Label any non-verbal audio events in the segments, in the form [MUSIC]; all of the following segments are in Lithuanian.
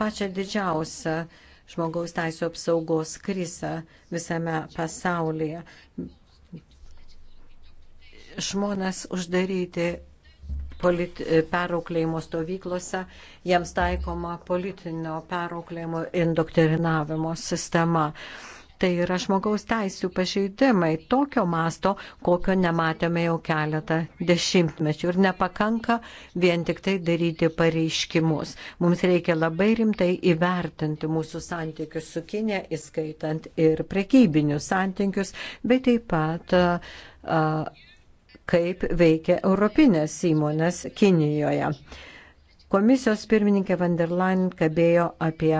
pačią didžiausią žmogaus teisų apsaugos krizę visame pasaulyje. Žmonės uždaryti perauklėjimo stovyklose, jiems taikoma politinio perauklėjimo indoktrinavimo sistema. Tai yra žmogaus teisų pažeidimai tokio masto, kokio nematėme jau keletą dešimtmečių. Ir nepakanka vien tik tai daryti pareiškimus. Mums reikia labai rimtai įvertinti mūsų santykius su Kinė, įskaitant ir prekybinius santykius, bet taip pat uh, kaip veikia europinės įmonės Kinijoje. Komisijos pirmininkė van der Leyen kalbėjo apie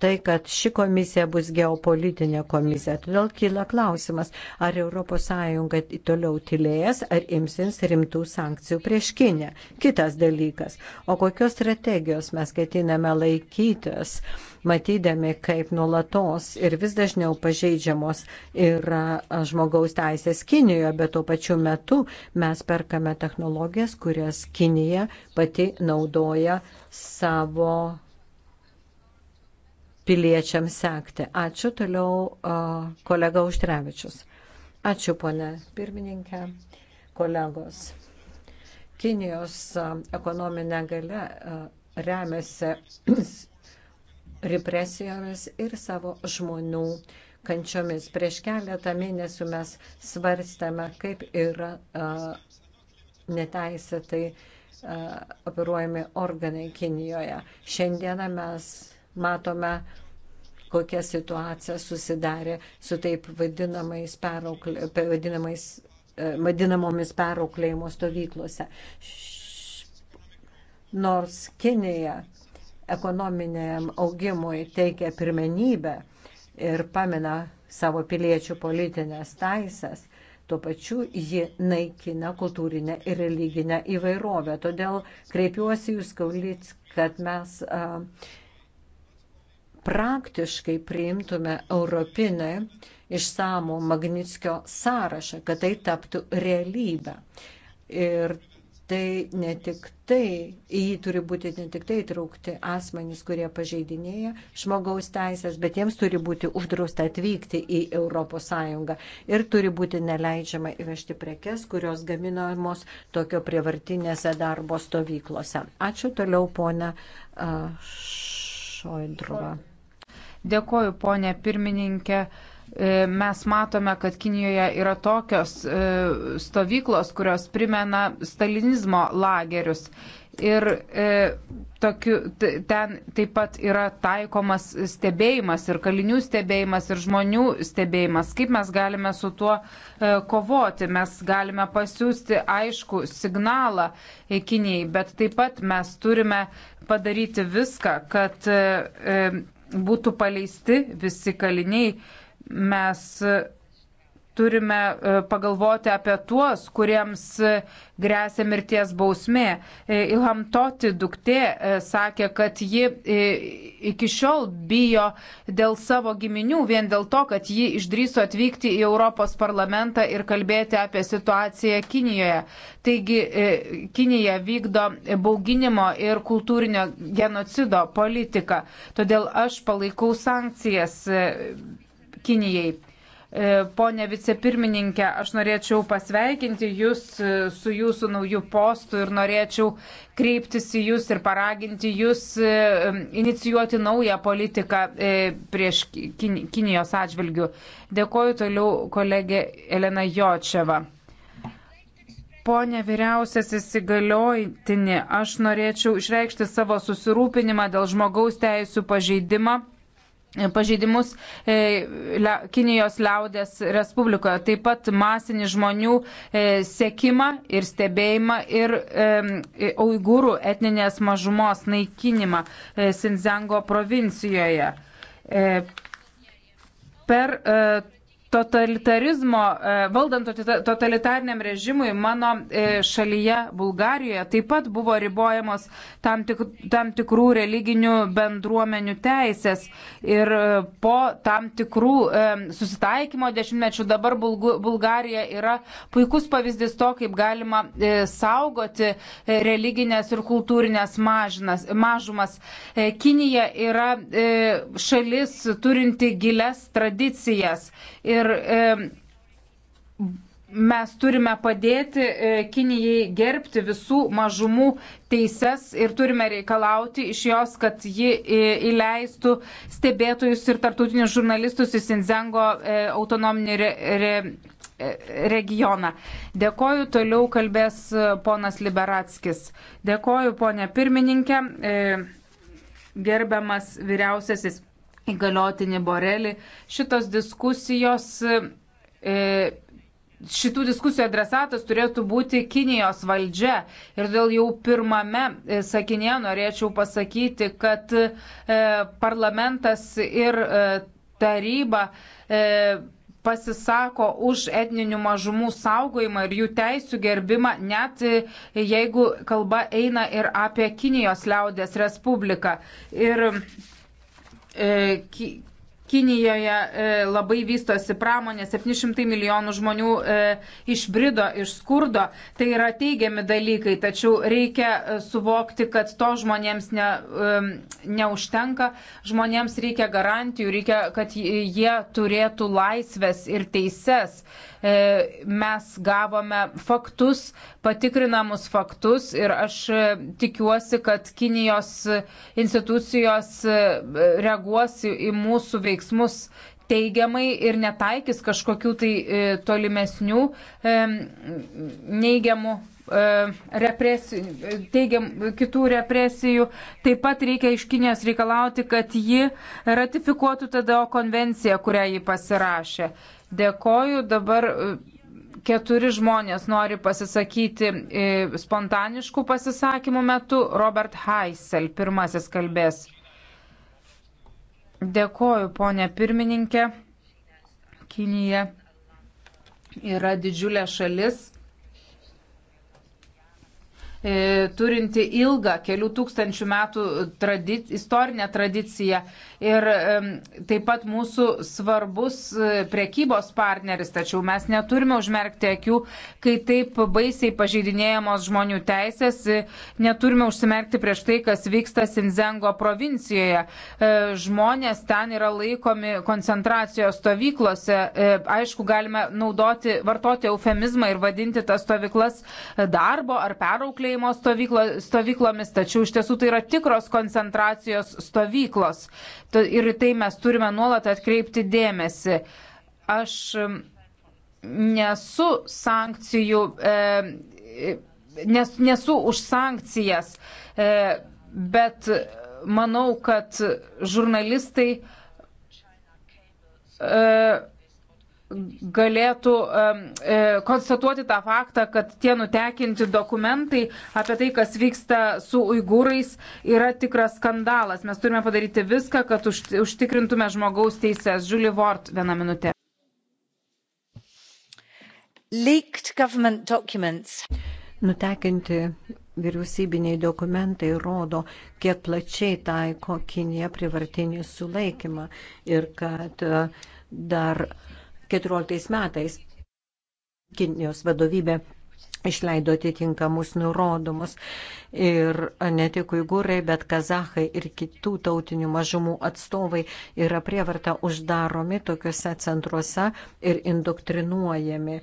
tai, kad ši komisija bus geopolitinė komisija. Todėl kyla klausimas, ar ES toliau tylėjęs, ar imsins rimtų sankcijų prieš Kinę. Kitas dalykas, o kokios strategijos mes ketiname laikytis, matydami, kaip nulatos ir vis dažniau pažeidžiamos yra žmogaus teisės Kinijoje, bet tuo pačiu metu mes perkame technologijas, kurias Kinija pati naudoja savo piliečiams sekti. Ačiū toliau kolega Užtrevičius. Ačiū, ponė pirmininkė, kolegos. Kinijos ekonominė gale remiasi [CLEARS THROAT] represijomis ir savo žmonių kančiomis. Prieš keletą mėnesių mes svarstėme, kaip yra neteisėtai operuojami organai Kinijoje. Šiandieną mes matome, kokia situacija susidarė su taip vadinamais, peraukle, vadinamais e, vadinamomis perauklėjimo stovyklose. Nors Kinėje ekonominiam augimui teikia pirmenybę ir pamina savo piliečių politinės taisas, tuo pačiu ji naikina kultūrinę ir religinę įvairovę. Todėl kreipiuosi jūs, Kaulic, kad mes uh, praktiškai priimtume europinę išsamų Magnitskio sąrašą, kad tai taptų realybę. Ir tai ne tik tai, į jį turi būti ne tik tai traukti asmenys, kurie pažeidinėja žmogaus teisės, bet jiems turi būti uždrausta atvykti į ES ir turi būti neleidžiama įvežti prekes, kurios gaminamos tokio prievartinėse darbo stovyklose. Ačiū toliau, ponia Šoidrova. Dėkoju, ponė pirmininkė. E, mes matome, kad Kinijoje yra tokios e, stovyklos, kurios primena stalinizmo lagerius. Ir e, tokiu, ten taip pat yra taikomas stebėjimas ir kalinių stebėjimas ir žmonių stebėjimas. Kaip mes galime su tuo e, kovoti? Mes galime pasiūsti aišku signalą e, Kinijai, bet taip pat mes turime padaryti viską, kad. E, e būtų paleisti visi kaliniai. Mes turime e, pagalvoti apie tuos, kuriems e, grėsia mirties bausmė. E, Ilham Toti duktė sakė, kad ji iki šiol bijo dėl savo giminių, vien dėl to, kad ji išdryso atvykti į Europos parlamentą ir kalbėti apie situaciją Kinijoje. Taigi Kinija vykdo bauginimo ir kultūrinio genocido politiką. Todėl aš palaikau sankcijas Kinijai. E, Pone vicepirmininkė, aš norėčiau pasveikinti Jūs e, su Jūsų naujų postų ir norėčiau kreiptis į Jūs ir paraginti Jūs e, inicijuoti naują politiką prieš Kinijos atžvilgių. Dėkoju toliau kolegė Elena Jočeva. Pone vyriausiasis įgaliojotinį, aš norėčiau išreikšti savo susirūpinimą dėl žmogaus teisų pažeidimą pažeidimus e, Kinijos liaudės Respublikoje, taip pat masinį žmonių e, sekimą ir stebėjimą ir e, uigūrų etninės mažumos naikinimą Sinzengo provincijoje. Per totalitarizmo, e, valdant totalitariniam režimui mano e, šalyje Bulgarijoje taip pat buvo ribojamos tam, tik, tam tikrų religinių bendruomenių teisės. Ir e, po tam tikrų susitaikymo dešimtmečių dabar Bulgarija yra puikus pavyzdys to, kaip galima saugoti religinės ir kultūrinės mažinas, mažumas. Kinija yra šalis turinti giles tradicijas ir e, mes turime padėti e, Kinijai gerbti visų mažumų teises ir turime reikalauti iš jos, kad ji e, įleistų stebėtojus ir tartutinius žurnalistus į Sinzengo e, autonominį re, re, regioną. Dėkoju, toliau kalbės ponas Liberatskis. Dėkoju, ponė pirmininkė, gerbiamas vyriausiasis įgaliotinį Borelį. Šitos diskusijos, e, šitų diskusijų adresatas turėtų būti Kinijos valdžia. Ir todėl jau pirmame e, sakinėje norėčiau pasakyti, kad e, parlamentas ir taryba pasisako už etninių mažumų saugojimą ir jų teisų gerbimą, net jeigu kalba eina ir apie Kinijos liaudės respubliką. Ir e, Kinijoje e, labai vystosi pramonė, 700 milijonų žmonių e, išbrido, iš skurdo. Tai yra teigiami dalykai, tačiau reikia e, suvokti, kad to žmonėms ne, neužtenka. Žmonėms reikia garantijų, reikia, kad jie turėtų laisvės ir teises. Mes gavome faktus, patikrinamus faktus ir aš tikiuosi, kad Kinijos institucijos reaguos į mūsų veiksmus veiksmus teigiamai ir netaikys kažkokių tai e, tolimesnių e, neigiamų e, represijų, teigiam, kitų represijų. Taip pat reikia iš Kinijos reikalauti, kad ji ratifikuotų TDO konvenciją, kurią ji pasirašė. Dėkoju dabar keturi žmonės nori pasisakyti spontaniškų pasisakymų metu. Robert Heisel pirmasis kalbės. Dėkoju, ponė pirmininkė. Kinija yra didžiulė šalis E, turinti ilgą kelių tūkstančių metų tradic, istorinę tradiciją ir taip pat mūsų svarbus e, prekybos partneris, tačiau mes neturime užmerkti akių, kai taip baisiai pažeidinėjamos žmonių teisės, e, neturime užsimerkti prieš tai, kas vyksta Sinzengo provincijoje. Žmonės ten yra laikomi koncentracijos stovyklose. Aišku, galime naudoti, vartoti eufemizmą ir vadinti tas stovyklas darbo ar perauklėjimo kalėjimo stovyklo, stovyklomis, tačiau iš tiesų tai yra tikros koncentracijos stovyklos. Ir tai mes turime nuolat atkreipti dėmesį. Aš nesu sankcijų, e, nes, nesu už sankcijas, e, bet manau, kad žurnalistai e, galėtų e, konstatuoti tą faktą, kad tie nutekinti dokumentai apie tai, kas vyksta su uigūrais, yra tikras skandalas. Mes turime padaryti viską, kad užtikrintume žmogaus teises. Julie Ward, vieną minutę. Nutekinti vyriausybiniai dokumentai rodo, kiek plačiai taiko Kinija privartinį sulaikymą ir kad e, dar uh, 2014 metais Kinijos vadovybė išleido atitinkamus nurodomus. Ir ne tik uigūrai, bet kazahai ir kitų tautinių mažumų atstovai yra prievarta uždaromi tokiuose centruose ir indoktrinuojami.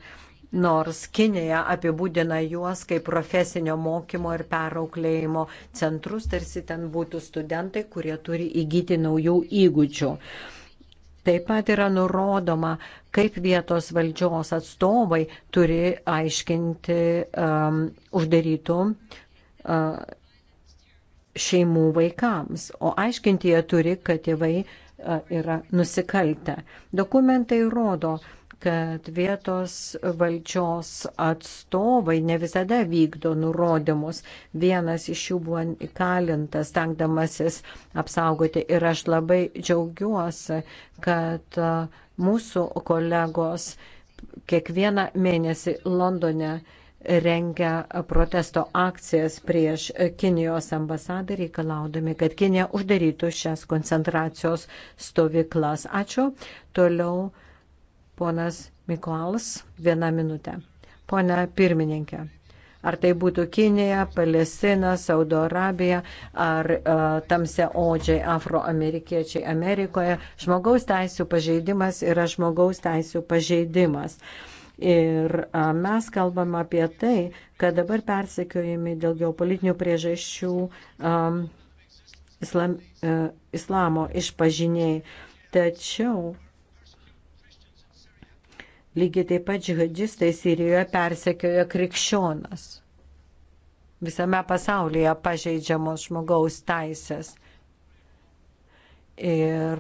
Nors Kinėje apibūdina juos kaip profesinio mokymo ir perauklėjimo centrus, tarsi ten būtų studentai, kurie turi įgyti naujų įgūdžių. Taip pat yra nurodoma, kaip vietos valdžios atstovai turi aiškinti um, uždarytų uh, šeimų vaikams, o aiškinti jie turi, kad tėvai uh, yra nusikaltę. Dokumentai rodo, kad vietos valdžios atstovai ne visada vykdo nurodymus. Vienas iš jų buvo įkalintas, tenkdamasis apsaugoti. Ir aš labai džiaugiuosi, kad mūsų kolegos kiekvieną mėnesį Londone rengia protesto akcijas prieš Kinijos ambasadą reikalaudami, kad Kinija uždarytų šias koncentracijos stovyklas. Ačiū. Toliau Ponas Mikolas, vieną minutę. Pone pirmininkė. Ar tai būtų Kinija, Palestina, Saudo Arabija ar uh, tamsiaodžiai afroamerikiečiai Amerikoje, žmogaus teisų pažeidimas yra žmogaus teisų pažeidimas. Ir a, e, mes kalbam apie tai, kad dabar persekiojami dėl geopolitinių priežasčių um, islam, uh, islamo išpažiniai. Tačiau Lygiai taip pat džihadistai Sirijoje persekioja krikščionas. Visame pasaulyje pažeidžiamos žmogaus teisės. Ir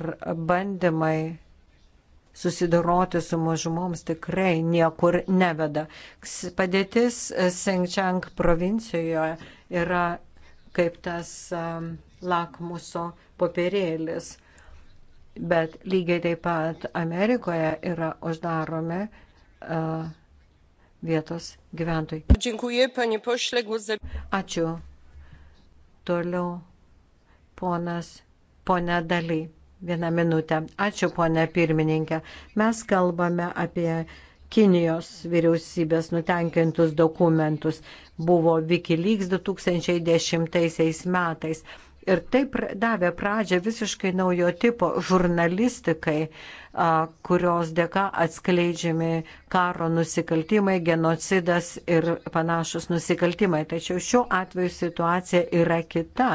bandymai susidoroti su mažumoms tikrai niekur neveda. Padėtis Sengčiang provincijoje yra kaip tas um, lakmuso popierėlis bet lygiai taip pat Amerikoje yra uždaromi uh, vietos gyventojai. Ačiū. Toliau ponas, ponia Daly. Vieną minutę. Ačiū, ponia pirmininkė. Mes kalbame apie Kinijos vyriausybės nutenkintus dokumentus. Buvo Wikileaks 2010 metais. Ir taip davė pradžią visiškai naujo tipo žurnalistikai, kurios dėka atskleidžiami karo nusikaltimai, genocidas ir panašus nusikaltimai. Tačiau šiuo atveju situacija yra kita,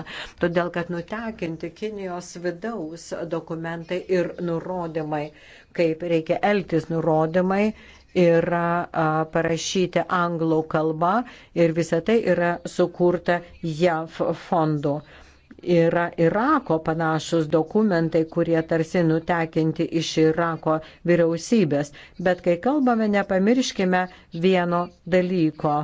todėl kad nutekinti Kinijos vidaus dokumentai ir nurodymai, kaip reikia elgtis nurodymai, yra parašyti anglų kalba ir visa tai yra sukurta JAV fondų yra Irako panašus dokumentai, kurie tarsi nutekinti iš Irako vyriausybės. Bet kai kalbame, nepamirškime vieno dalyko,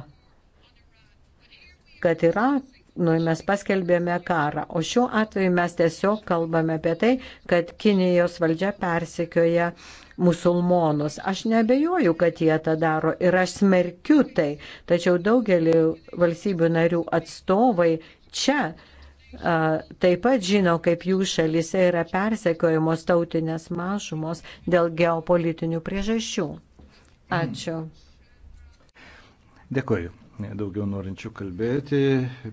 kad Irak nu, mes paskelbėme karą, o šiuo atveju mes tiesiog kalbame apie tai, kad Kinijos valdžia persikioja musulmonus. Aš nebejoju, kad jie tą daro ir aš smerkiu tai, tačiau daugelį valstybių narių atstovai čia taip pat žino, kaip jų šalise yra persekiojamos tautinės mažumos dėl geopolitinių priežasčių. Mhm. Ačiū. Dėkuoju. Daugiau norinčių kalbėti,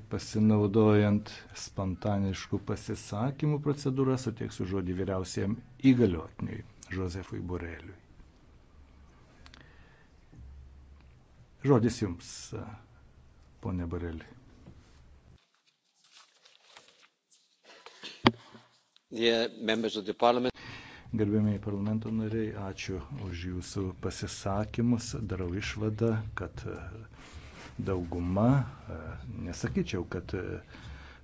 pasinaudojant spontaniškų pasisakymų procedūrą, suteiksiu žodį vyriausiam įgaliotiniui Josefui Boreliui. Žodis jums, ponė Boreli. Gerbėmiai parlamento nariai, ačiū už jūsų pasisakymus. Darau išvadą, kad e, dauguma, e, nesakyčiau, kad e,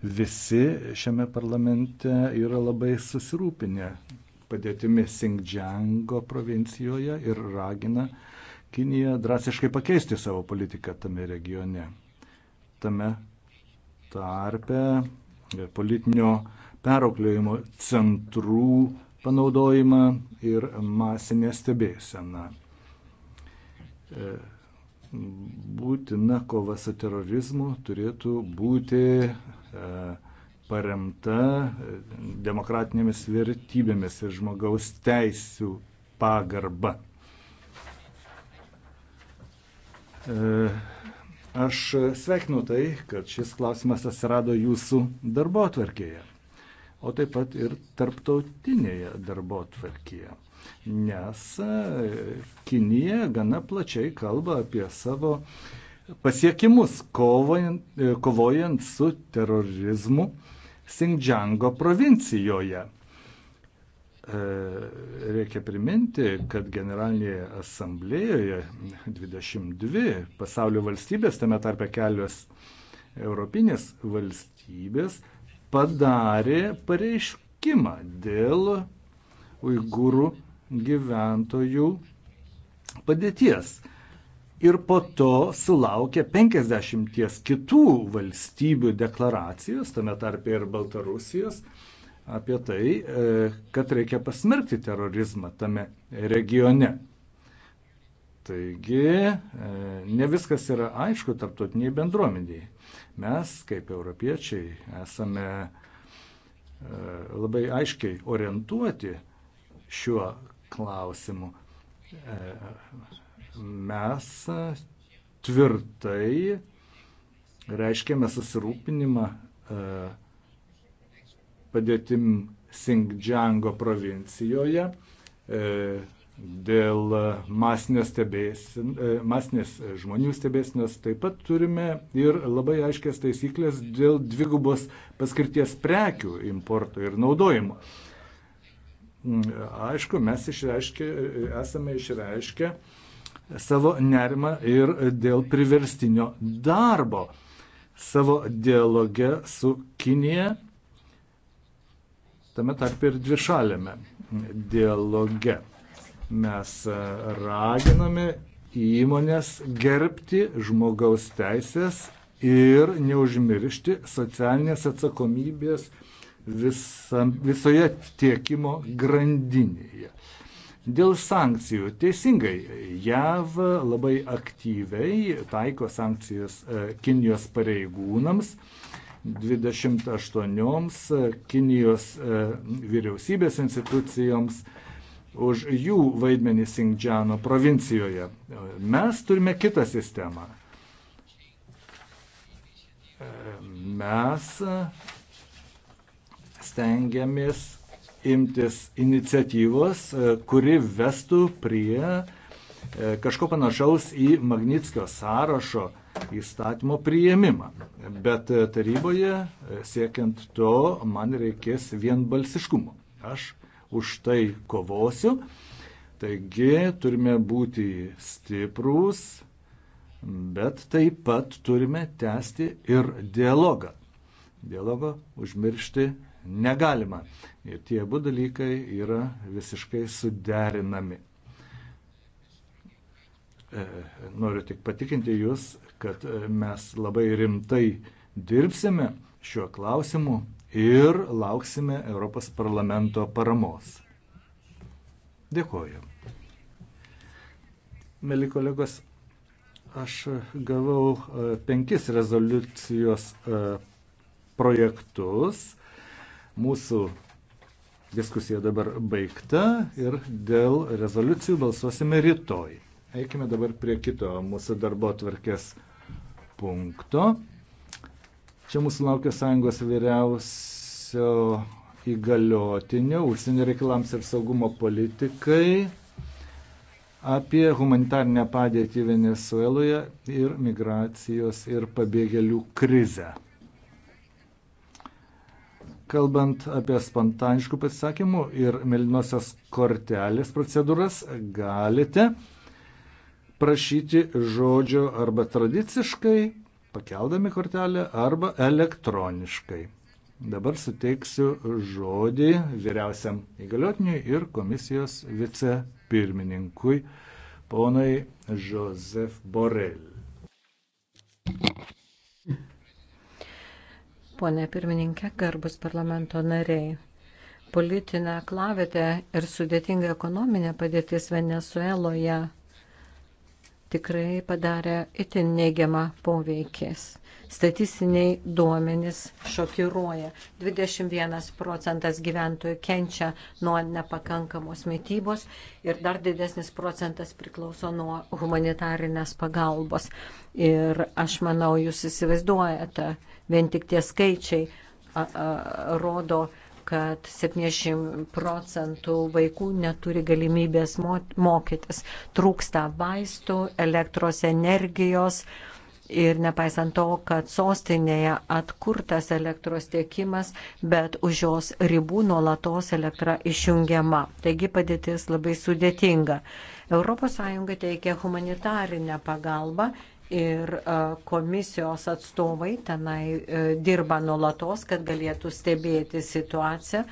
visi šiame parlamente yra labai susirūpinę padėtimi Singdžiango provincijoje ir ragina Kiniją drastiškai pakeisti savo politiką tame regione. Tame tarpe politinio perokliojimo centrų panaudojimą ir masinę stebėseną. E, būtina kova su terorizmu turėtų būti e, paremta e, demokratinėmis vertybėmis ir žmogaus teisų pagarba. Aš sveikinu tai, kad šis klausimas atsirado jūsų darbo atverkėje o taip pat ir tarptautinėje darbo tvarkyje. Nes e, Kinija gana plačiai kalba apie savo pasiekimus kovojant, e, kovojant su terorizmu Singdžiango provincijoje. E, reikia priminti, kad Generalinėje asamblėjoje 22 pasaulio valstybės, tame tarpe kelios europinės valstybės, padarė pareiškimą dėl uigūrų gyventojų padėties. Ir po to sulaukė 50 kitų valstybių deklaracijos, tame tarpe ir Baltarusijos, apie tai, e, kad reikia pasmerkti terorizmą tame regione. Taigi, e, ne viskas yra aišku tarptautiniai bendruomeniai. Mes, kaip europiečiai, esame e, labai aiškiai orientuoti šiuo klausimu. E, mes tvirtai reiškėme susirūpinimą e, padėtim Singdžiango provincijoje dėl e, masinės, stebėsin, e, masinės e, žmonių stebėsinas, taip pat turime ir labai aiškės taisyklės dėl dvigubos paskirties prekių importo ir naudojimo. Mm, aišku, mes išreiškė, esame išreiškę savo nerimą ir dėl priverstinio darbo. Savo dialoge su Kinija, tame tarp ir dvišalėme dialoge. Mes e, raginame įmonės gerbti žmogaus teisės ir neužmiršti socialinės atsakomybės visa, visoje tiekimo grandinėje. Dėl sankcijų. Teisingai, JAV labai aktyviai taiko sankcijas e, Kinijos pareigūnams. 28 Kinijos e, vyriausybės institucijoms už jų vaidmenį Singdžiano provincijoje. Mes turime kitą sistemą. Mes stengiamės imtis iniciatyvos, kuri vestų prie e, kažko panašaus į Magnitskio sąrašo įstatymo priėmimą. Bet e, taryboje e, siekiant to man reikės vienbalsiškumo. Aš už tai kovosiu. Taigi turime būti stiprūs, bet taip pat turime tęsti ir dialogą. Dialogo užmiršti negalima. Ir tie abu dalykai yra visiškai suderinami. E, noriu tik patikinti Jūs, kad e, mes labai rimtai dirbsime šiuo klausimu ir lauksime Europos parlamento paramos. Dėkoju. Mėly kolegos, aš gavau e, penkis rezoliucijos e, projektus. Mūsų diskusija dabar baigta ir dėl rezoliucijų balsuosime rytoj. Eikime dabar prie kito mūsų darbo tvarkės punkto. Čia mūsų laukia sąjungos vyriausio įgaliotinio užsienio reikalams ir saugumo politikai apie humanitarnę padėtį Venezueloje ir migracijos ir pabėgėlių krizę. Kalbant apie spontaniškų pasisakymų ir melinosios kortelės procedūras, galite prašyti žodžio arba tradiciškai pakeldami kortelę arba elektroniškai. Dabar suteiksiu žodį vyriausiam įgaliotiniui ir komisijos vicepirmininkui, ponai Josef Borel. Pone pirmininkė, garbus parlamento nariai. Politinė klavėte ir sudėtinga ekonominė padėtis Venezueloje tikrai padarė itin neigiamą poveikis. Statistiniai duomenys šokiruoja. 21 procentas gyventojų kenčia nuo nepakankamos mytybos ir dar didesnis procentas priklauso nuo humanitarinės pagalbos. Ir aš manau, jūs įsivaizduojate, vien tik tie skaičiai a, a, rodo, kad 70 procentų vaikų neturi galimybės mokytis. Trūksta vaistų, elektros energijos ir nepaisant to, kad sostinėje atkurtas elektros tiekimas, bet už jos ribų nuolatos elektra išjungiama. Taigi padėtis labai sudėtinga. ES teikia humanitarinę pagalbą ir e, komisijos atstovai tenai e, dirba nulatos, kad galėtų stebėti situaciją.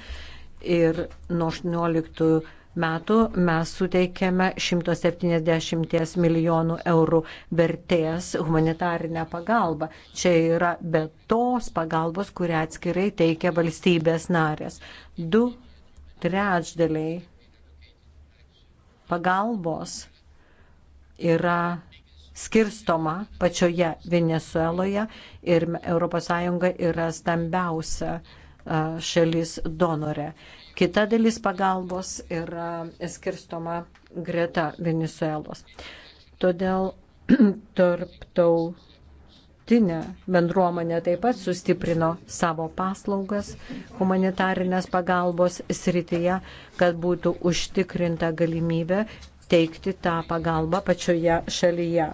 Ir nuo 18 metų mes suteikėme 170 milijonų eurų vertės humanitarinę pagalbą. Čia yra be tos pagalbos, kurią atskirai teikia valstybės narės. Du trečdaliai pagalbos yra skirstoma pačioje Venezueloje ir ES yra stambiausia šalis donorė. Kita dalis pagalbos yra skirstoma greta Venezuelos. Todėl tarptau [CLEARS THROAT] tarptautinė bendruomenė taip pat sustiprino savo paslaugas humanitarinės pagalbos srityje, kad būtų užtikrinta galimybė teikti tą pagalbą pačioje šalyje.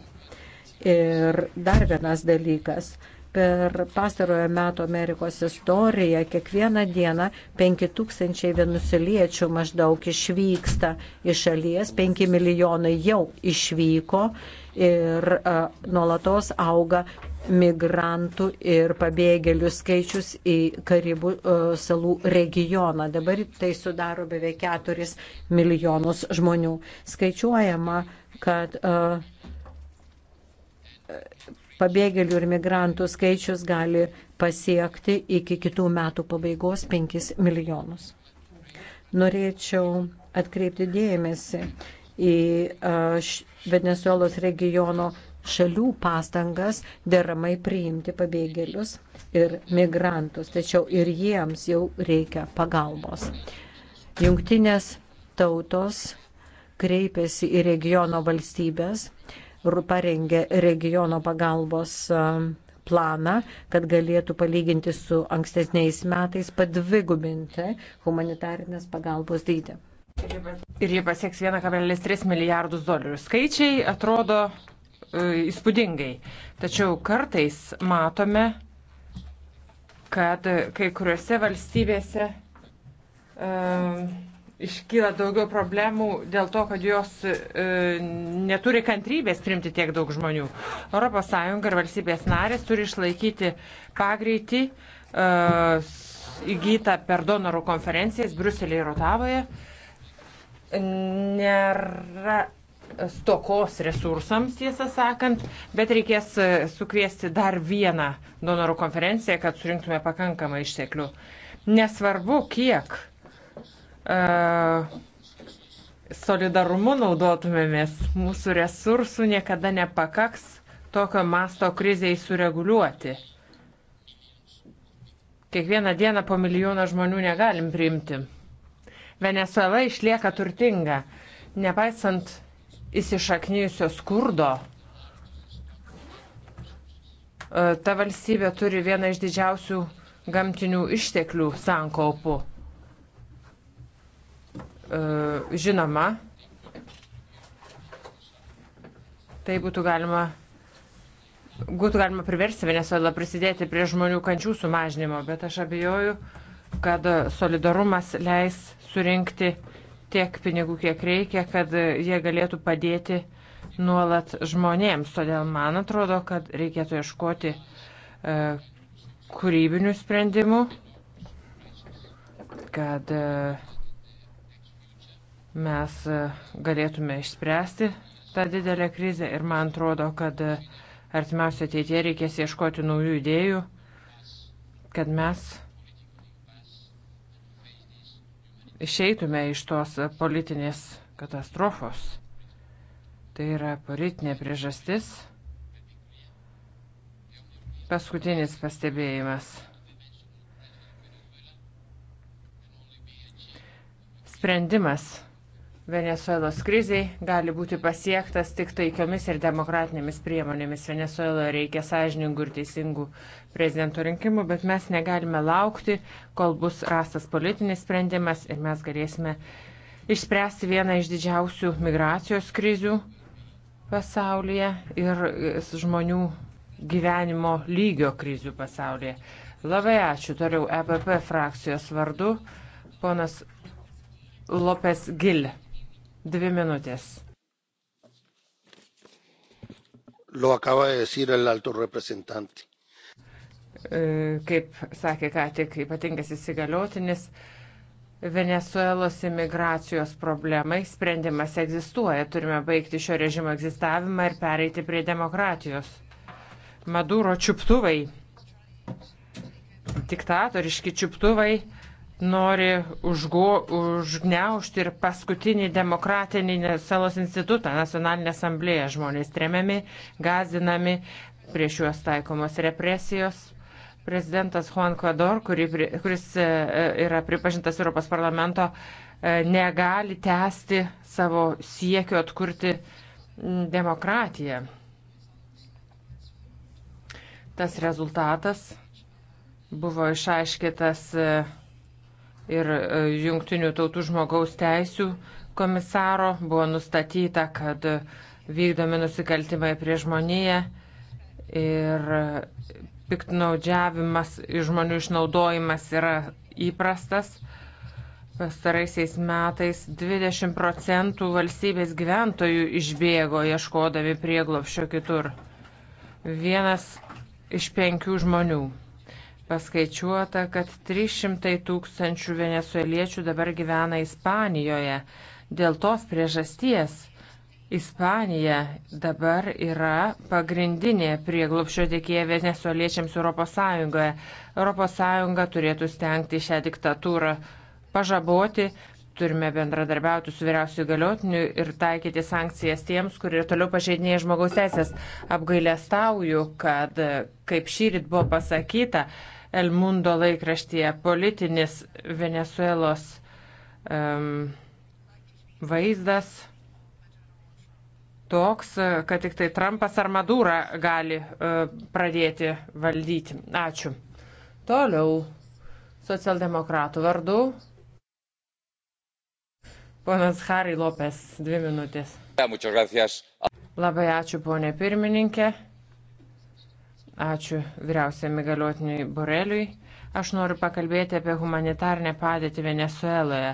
Ir dar vienas dalykas. Per pastarojo metų Amerikos istoriją kiekvieną dieną 5000 venusiliečių maždaug išvyksta iš šalies, 5 milijonai jau išvyko ir a, nuolatos auga migrantų ir pabėgėlių skaičius į Karibų salų regioną. Dabar tai sudaro beveik 4 milijonus žmonių. Skaičiuojama, kad uh, pabėgėlių ir migrantų skaičius gali pasiekti iki kitų metų pabaigos 5 milijonus. Norėčiau atkreipti dėmesį į Venezuelos regiono šalių pastangas deramai priimti pabėgėlius ir migrantus, tačiau ir jiems jau reikia pagalbos. Jungtinės tautos kreipėsi į regiono valstybės parengė regiono pagalbos planą, kad galėtų palyginti su ankstesniais metais padvigubinti humanitarinės pagalbos dydį. Ir jie pasieks 1,3 milijardus dolerių. Skaičiai atrodo e, įspūdingai. Tačiau kartais matome, kad kai kuriuose valstybėse um, iškyla daugiau problemų dėl to, kad jos e, neturi kantrybės primti tiek daug žmonių. ES ir valstybės narės turi išlaikyti pagreitį e, įgytą per donorų konferencijas Bruselėje ir Otavoje. Nėra stokos resursams, tiesą sakant, bet reikės e, sukviesti dar vieną donorų konferenciją, kad surinktume pakankamą išteklių. Nesvarbu, kiek solidarumu naudotumėmės. Mūsų resursų niekada nepakaks tokio masto kriziai sureguliuoti. Kiekvieną dieną po milijoną žmonių negalim priimti. Venezuela išlieka turtinga, nepaisant įsišaknyjusio skurdo. Ta valstybė turi vieną iš didžiausių gamtinių išteklių sankaupų. E, žinoma. Tai būtų galima, būtų galima priversti Venezuelą prisidėti prie žmonių kančių sumažinimo, bet aš abejoju, kad solidarumas leis surinkti tiek pinigų, kiek reikia, kad jie galėtų padėti nuolat žmonėms. Todėl man atrodo, kad reikėtų ieškoti e, kūrybinių sprendimų, kad e, mes e, galėtume išspręsti tą didelę krizę ir man atrodo, kad e, artimiausio ateitie reikės ieškoti naujų idėjų, kad mes išeitume iš tos politinės katastrofos. Tai yra politinė priežastis. Paskutinis pastebėjimas. Sprendimas Venezuelos kriziai gali būti pasiektas tik taikiomis ir demokratinėmis priemonėmis. Venezueloje reikia sąžiningų ir teisingų prezidento rinkimų, bet mes negalime laukti, kol bus rastas politinis sprendimas ir mes galėsime išspręsti vieną iš didžiausių migracijos krizių pasaulyje ir žmonių gyvenimo lygio krizių pasaulyje. Labai ačiū. Toliau EPP frakcijos vardu ponas Lopes Gil. Dvi minutės. Lo acaba de decir el alto representante. E, kaip sakė ką tik ypatingas įsigaliotinis, Venezuelos imigracijos problemai sprendimas egzistuoja. Turime baigti šio režimo egzistavimą ir pereiti prie demokratijos. Maduro čiuptuvai, diktatoriški čiuptuvai nori užgo, užgneušti ir paskutinį demokratinį salos institutą, nacionalinę asamblėją. Žmonės tremiami, gazinami, prieš juos taikomos represijos. Prezidentas Juan Kvador, kuri, kuris e, e, yra pripažintas Europos parlamento, e, negali tęsti savo siekio atkurti demokratiją. Tas rezultatas buvo išaiškėtas ir e, Junktinių tautų žmogaus teisų komisaro buvo nustatyta, kad vykdomi nusikaltimai prie žmoniją ir e, piktnaudžiavimas, žmonių išnaudojimas yra įprastas. Pastaraisiais metais 20 procentų valstybės gyventojų išbėgo ieškodami prieglopščio kitur. Vienas iš penkių žmonių. Paskaičiuota, kad 300 tūkstančių venezueliečių dabar gyvena Ispanijoje. Dėl tos priežasties Ispanija dabar yra pagrindinė prieglopšio tiekėja venezueliečiams ES. ES turėtų stengti šią diktatūrą pažaboti, turime bendradarbiauti su vyriausiu galiotiniu ir taikyti sankcijas tiems, kurie toliau pažeidinėja žmogaus teisės. Apgailę stauju, kad, kaip šyrit buvo pasakyta, El Mundo laikraštyje politinis Venezuelos um, vaizdas toks, kad tik tai Trumpas ar Madūra gali uh, pradėti valdyti. Ačiū. Toliau socialdemokratų vardu. Ponas Harry Lopes, dvi minutės. Labai ačiū, ponė pirmininkė. Ačiū vyriausiam įgaliotiniui Boreliui. Aš noriu pakalbėti apie humanitarnę padėtį Venezueloje.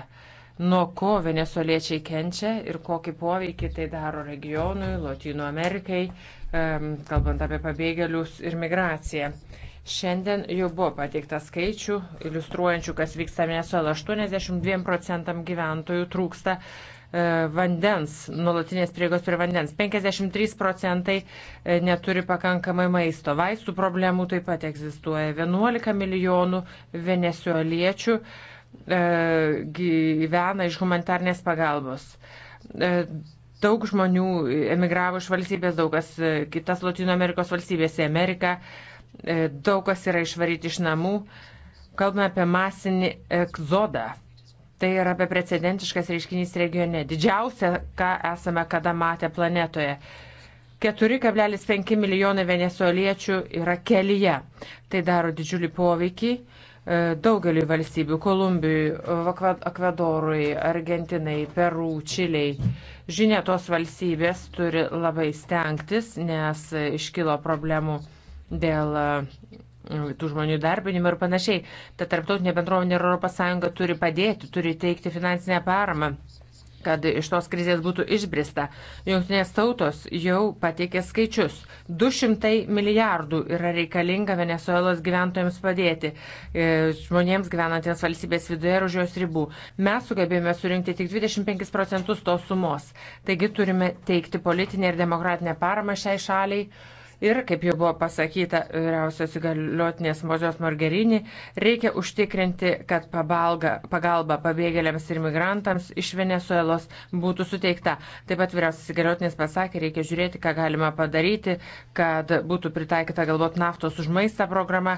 Nuo ko venezueliečiai kenčia ir kokį poveikį tai daro regionui, Latino Amerikai, kalbant apie pabėgėlius ir migraciją. Šiandien jau buvo pateikta skaičių, iliustruojančių, kas vyksta Venezuela. 82 procentam gyventojų trūksta E, vandens, nuolatinės prieigos prie vandens. 53 procentai e, neturi pakankamai maisto. Vaistų problemų taip pat egzistuoja. 11 milijonų venezueliečių e, gyvena iš humanitarnės pagalbos. Daug žmonių emigravo iš valstybės, daug kas kitas Latino Amerikos valstybės į Ameriką, daug kas yra išvaryti iš namų. Kalbame apie masinį egzodą Tai yra beprecedentiškas reiškinys regione. Didžiausia, ką esame kada matę planetoje. 4,5 milijonai venezueliečių yra kelyje. Tai daro didžiulį poveikį e, daugeliu valstybių - Kolumbijai, Ekvadorui, Argentinai, Peru, Čiliai. Žinia, tos valstybės turi labai stengtis, nes iškilo problemų dėl e, Mm, tų žmonių darbinimą ir panašiai. Ta tarptautinė bendruomenė ir ES turi padėti, turi teikti finansinę paramą kad iš tos krizės būtų išbrista. Junktinės tautos jau pateikė skaičius. 200 milijardų yra reikalinga Venezuelos gyventojams padėti, e, žmonėms gyvenantiems valstybės viduje ir už jos ribų. Mes sugebėjome surinkti tik 25 procentus tos sumos. Taigi turime teikti politinę ir demokratinę paramą šiai šaliai Ir, kaip jau buvo pasakyta, vyriausios įgaliotinės Mozijos Morgerinį, reikia užtikrinti, kad pabalga, pagalba pabėgėliams ir migrantams iš Venezuelos būtų suteikta. Taip pat vyriausios įgaliotinės pasakė, reikia žiūrėti, ką galima padaryti, kad būtų pritaikyta galbūt naftos už maistą programa.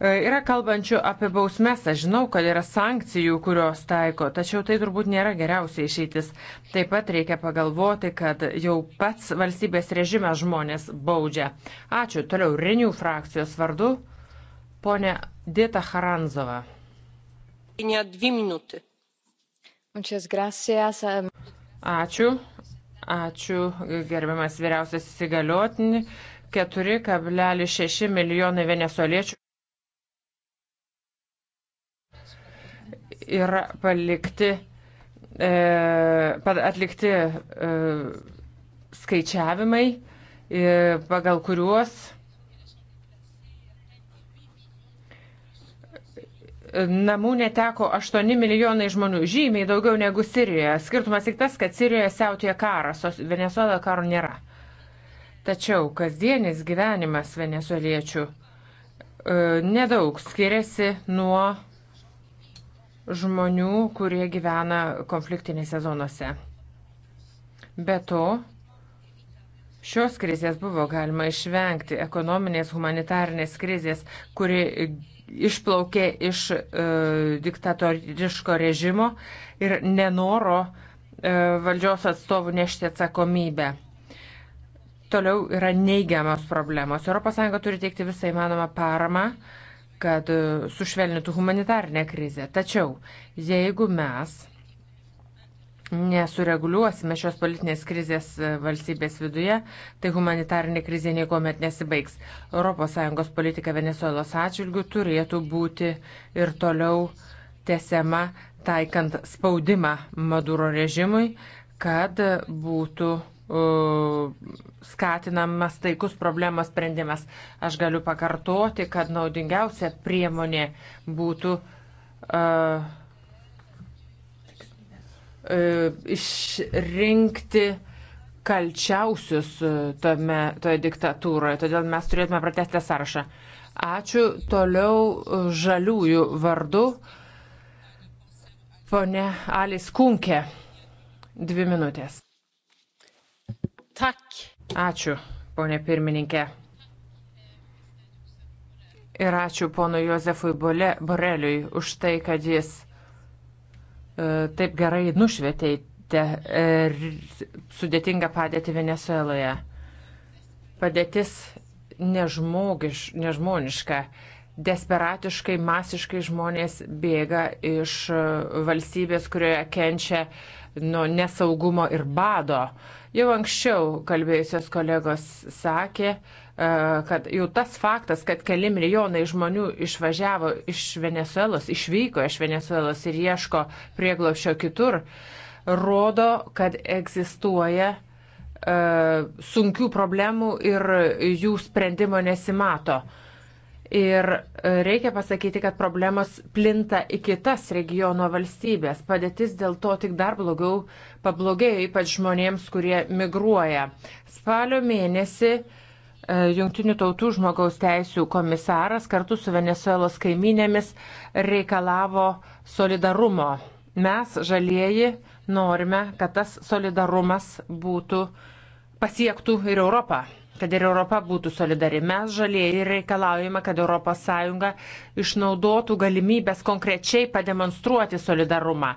E, yra kalbančių apie bausmes, aš žinau, kad yra sankcijų, kurios taiko, tačiau tai turbūt nėra geriausia išeitis. Taip pat reikia pagalvoti, kad jau pats valstybės režimas žmonės baudžia. Ačiū. Toliau Renių frakcijos vardu, ponė Dita Haranzova. Ačiū. Ačiū, gerbiamas vyriausias įsigaliotinį. 4,6 milijonai venesoliečių yra palikti, e, atlikti e, skaičiavimai, e, pagal kuriuos namų neteko 8 milijonai žmonių, žymiai daugiau negu Sirijoje. Skirtumas tik tas, kad Sirijoje siautėja karas, o Venezuela karo nėra. Tačiau kasdienis gyvenimas venezueliečių e, nedaug skiriasi nuo žmonių, kurie gyvena konfliktinėse zonose. Be to, šios krizės buvo galima išvengti ekonominės humanitarnės krizės, kuri išplaukė iš e, diktatoriško režimo ir nenoro e, valdžios atstovų nešti atsakomybę. Toliau yra neigiamos problemos. ES turi teikti visą įmanomą paramą e, kad e, sušvelnintų humanitarnę krizę. Tačiau, jeigu mes nesureguliuosime šios politinės krizės e, valstybės viduje, tai humanitarinė krizė niekuomet nesibaigs. ES politika Venezuelos atžvilgių turėtų būti ir toliau tesiama taikant spaudimą Maduro režimui, kad būtų skatinamas taikus problemos sprendimas. Aš galiu pakartoti, kad naudingiausia priemonė būtų uh, išrinkti kalčiausius tame, toje diktatūroje. Todėl mes turėtume pratesti sąrašą. Ačiū toliau žaliųjų vardu. Pone Alis Kunkė. Dvi minutės. Tak. Ačiū, ponė pirmininkė. Ir ačiū ponui Jozefui Boreliui už tai, kad jis e, taip gerai nušvietėte e, sudėtingą padėtį Venezueloje. Padėtis nežmogiš, nežmoniška. Desperatiškai, masiškai žmonės bėga iš e, valstybės, kurioje kenčia nuo nesaugumo ir bado. E, Jau anksčiau kalbėjusios kolegos sakė, e, kad jau tas faktas, kad keli milijonai žmonių išvažiavo iš Venezuelos, išvyko iš Venezuelos ir ieško prieglaušio kitur, rodo, kad egzistuoja e, sunkių problemų ir jų sprendimo nesimato. Ir e, reikia pasakyti, kad problemos plinta į kitas regiono valstybės. Padėtis dėl to tik dar blogiau pablogėjo, ypač žmonėms, kurie migruoja. Spalio mėnesį e, Junktinių tautų žmogaus teisų komisaras kartu su Venezuelos kaiminėmis reikalavo solidarumo. Mes, žalieji, norime, kad tas solidarumas būtų pasiektų ir Europą kad ir Europa būtų solidari. Mes žalieji reikalaujame, kad ES išnaudotų galimybės konkrečiai pademonstruoti solidarumą,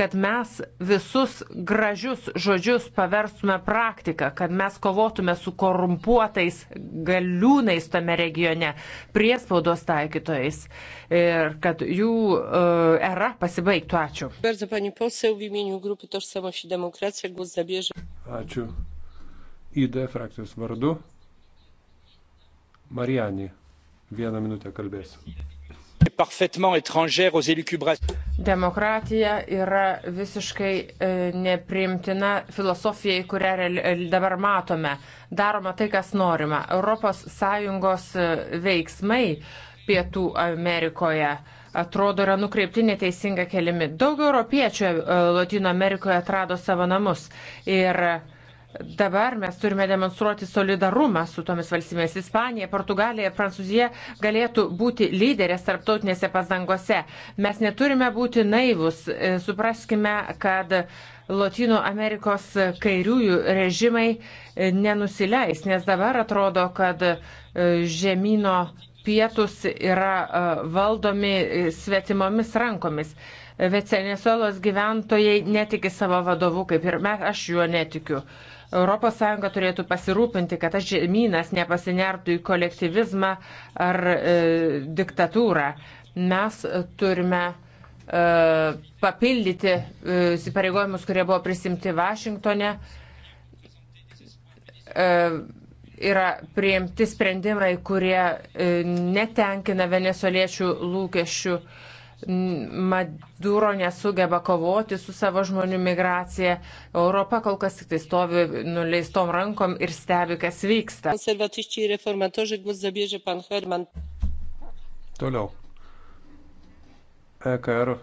kad mes visus gražius žodžius paverstume praktiką, kad mes kovotume su korumpuotais galiūnais tame regione, priespaudos taikytojais ir kad jų uh, era pasibaigtų. Ačiū. Ačiū. ID frakcijos vardu Mariani. Vieną minutę kalbės. Demokratija yra visiškai e, nepriimtina filosofijai, kurią dabar matome. Daroma tai, kas norima. ES e, veiksmai Pietų Amerikoje atrodo yra nukreipti neteisinga kelimi. Daug europiečių e, Latino Amerikoje atrado savo namus. Ir e, Dabar mes turime demonstruoti solidarumą su tomis valstybėmis. Ispanija, Portugalija, Prancūzija galėtų būti lyderės tarptautinėse pasangose. Mes neturime būti naivus. E, supraskime, kad Latino Amerikos kairiųjų režimai e, nenusileis, nes dabar atrodo, kad e, žemynų pietus yra valdomi svetimomis rankomis. Venezuelos gyventojai netiki savo vadovu, kaip ir mes, aš juo netikiu. Uh, ES turėtų pasirūpinti, kad tas žemynas nepasinertų į kolektyvizmą ar e, diktatūrą. Mes turime e, papildyti e, įsipareigojimus, e, kurie buvo prisimti Vašingtone. E, yra priimti sprendimai, kurie e, netenkina venesoliečių lūkesčių. E, Maduro nesugeba kovoti su savo žmonių migracija. Europa kol kas tik tai stovi nuleistom rankom ir stebi, kas vyksta. Konservatyščiai ir reformatoriai mus zabėžė pan Herman. Toliau. EKR er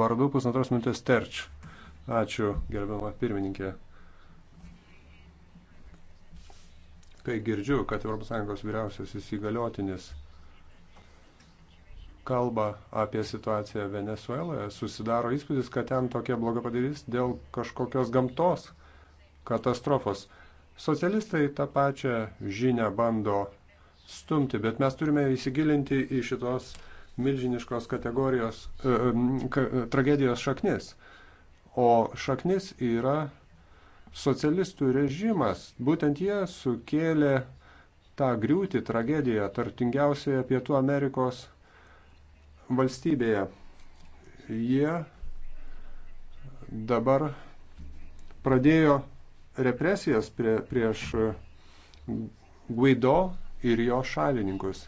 vardu pusantros minutės terč. Ačiū, gerbiama pirmininkė. Kai girdžiu, kad ES vyriausiasis įgaliotinis kalba apie situaciją Venezueloje, susidaro įspūdis, kad ten tokia bloga padarys dėl kažkokios gamtos katastrofos. Socialistai tą pačią žinią bando stumti, bet mes turime įsigilinti į šitos milžiniškos kategorijos e, e, tragedijos šaknis. O šaknis yra socialistų režimas. Būtent jie sukėlė tą griūtį, tragediją tartingiausioje Pietų Amerikos valstybėje. Jie dabar pradėjo represijas prie, prieš Guido ir jo šalininkus.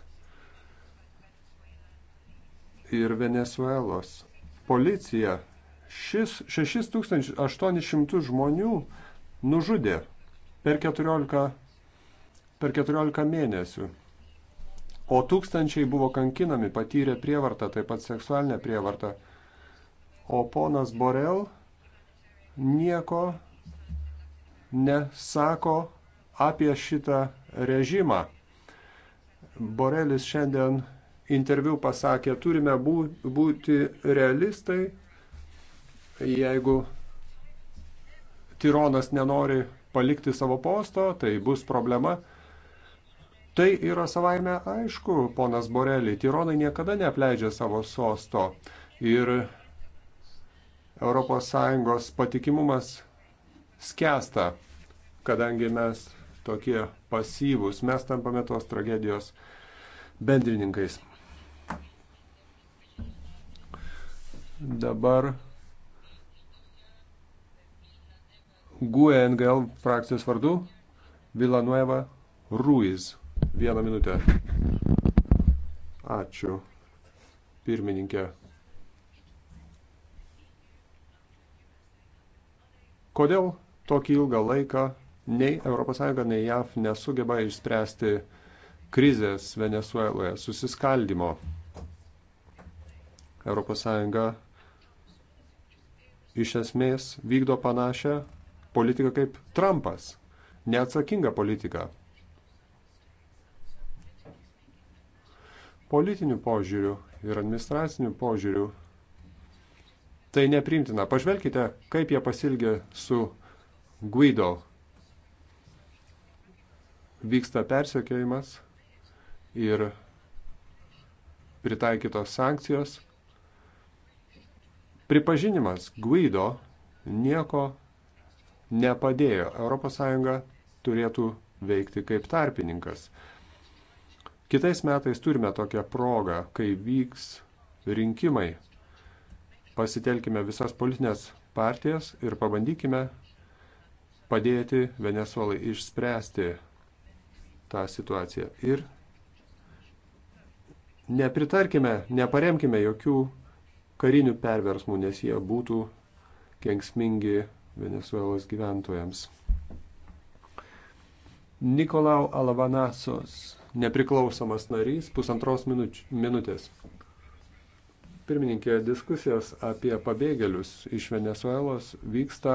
Ir Venezuelos policija šis 6800 žmonių nužudė per 14, per 14 mėnesių o tūkstančiai buvo kankinami, patyrė prievartą, taip pat seksualinę prievartą. O ponas Borel nieko nesako apie šitą režimą. Borelis šiandien interviu pasakė, turime būti realistai, jeigu Tironas nenori palikti savo posto, tai bus problema Tai yra savaime aišku, ponas Borelį, tironai niekada neapleidžia savo sosto ir ES patikimumas skęsta, kadangi mes tokie pasyvūs, mes tampame tos tragedijos bendrininkais. Dabar GUE NGL frakcijos vardu Villanueva Ruiz. Vieną minutę. Ačiū. Pirmininkė. Kodėl tokį ilgą laiką nei ES, nei JAF nesugeba išspręsti krizės Venezueloje, susiskaldimo? ES iš esmės vykdo panašią politiką kaip Trumpas. Neatsakinga politika. politinių požiūrių ir administracinių požiūrių. Tai neprimtina. Pažvelkite, kaip jie pasilgė su Guido. Vyksta persiekėjimas ir pritaikytos sankcijos. Pripažinimas Guido nieko nepadėjo. ES turėtų veikti kaip tarpininkas. Kitais metais turime tokią progą, kai vyks rinkimai. Pasitelkime visas politinės partijas ir pabandykime padėti Venezuelai išspręsti tą situaciją. Ir nepritarkime, neparemkime jokių karinių perversmų, nes jie būtų kenksmingi Venezuelos gyventojams. Nikolau Alvanasos nepriklausomas narys pusantros minutės. Pirmininkė, diskusijos apie pabėgėlius iš Venezuelos vyksta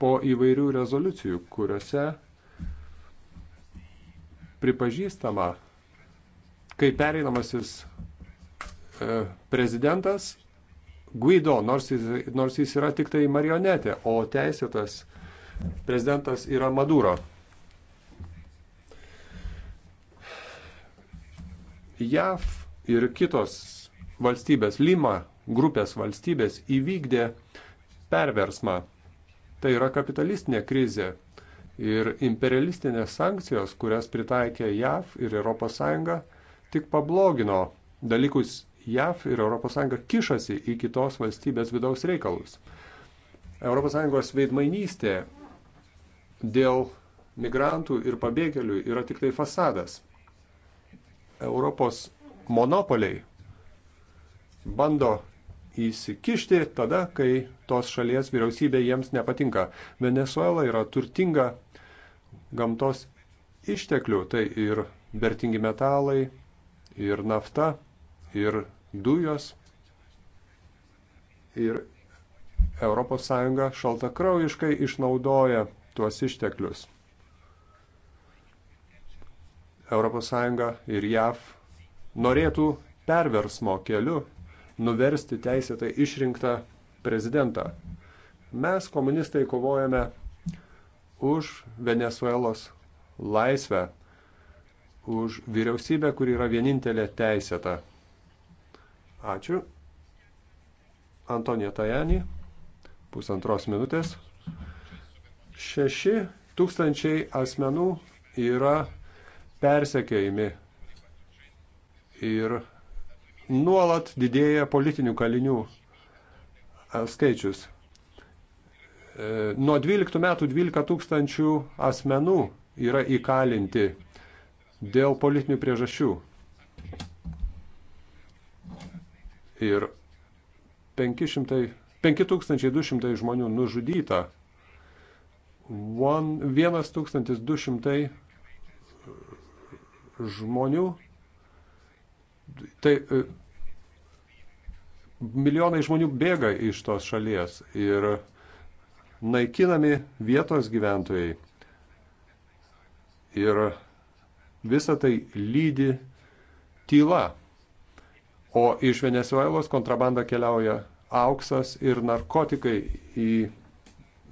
po įvairių rezoliucijų, kuriuose pripažįstama, kai pereinamasis e, prezidentas Guido, nors jis, nors jis yra tik tai marionetė, o teisėtas prezidentas yra Maduro. JAV ir kitos valstybės, Lima grupės valstybės įvykdė perversmą. Tai yra kapitalistinė krizė ir imperialistinės sankcijos, kurias pritaikė JAV ir ES, tik pablogino dalykus JAV ir ES kišasi į kitos valstybės vidaus reikalus. ES veidmainystė dėl migrantų ir pabėgėlių yra tik tai fasadas. Europos monopoliai bando įsikišti tada, kai tos šalies vyriausybė jiems nepatinka. Venezuela yra turtinga gamtos išteklių, tai ir vertingi metalai, ir nafta, ir dujos. Ir ES šaltakraujiškai išnaudoja tuos išteklius. ES ir JAV norėtų perversmo keliu nuversti teisėtai išrinktą prezidentą. Mes, komunistai, kovojame už Venezuelos laisvę, už vyriausybę, kuri yra vienintelė teisėta. Ačiū. Antonija Tajani, pusantros minutės. Šeši tūkstančiai asmenų yra persekiojami ir nuolat didėja politinių kalinių e, skaičius. E, nuo 12 metų 12 tūkstančių asmenų yra įkalinti dėl politinių priežasčių. Ir 500, 5200 žmonių nužudyta, 1200 žmonių. Tai e, milijonai žmonių bėga iš tos šalies ir naikinami vietos gyventojai. Ir visa tai lydi tyla. O iš Venezuelos kontrabanda keliauja auksas ir narkotikai į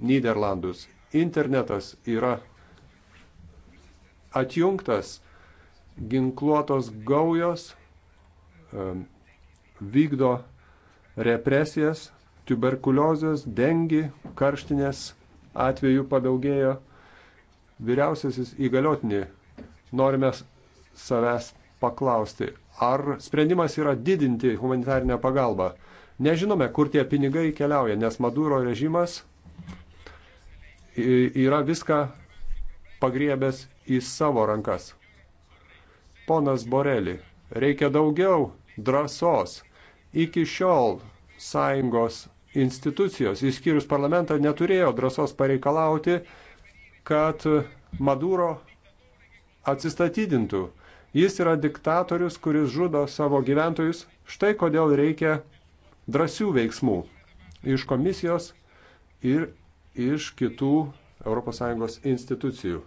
Niderlandus. Internetas yra atjungtas ginkluotos gaujos vykdo represijas, tuberkuliozės, dengi, karštinės atvejų padaugėjo. Vyriausiasis įgaliotinį norime savęs paklausti, ar sprendimas yra didinti humanitarinę pagalbą. Nežinome, kur tie pinigai keliauja, nes Maduro režimas yra viską pagriebęs į savo rankas. Ponas Boreli, reikia daugiau drąsos. Iki šiol sąjungos institucijos, įskyrus parlamentą, neturėjo drąsos pareikalauti, kad Maduro atsistatydintų. Jis yra diktatorius, kuris žudo savo gyventojus. Štai kodėl reikia drąsių veiksmų iš komisijos ir iš kitų ES institucijų.